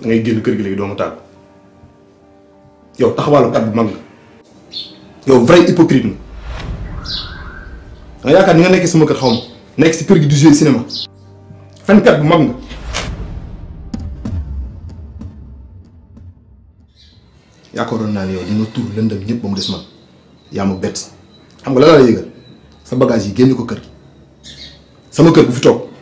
ngay génn keur gi legi doomu ma yow taxawalu kat bu mag yow vrai hypocrite nga da nga ni nga nek sama kër xawm nek ci keur gi du jeu cinéma kat bu mag nga yaakaaroon na yow dina tour lëndëm ñepp ba mu des man yaa ma xam nga la la yegal sa bagage yi génn ko keur sama keur bu fi toog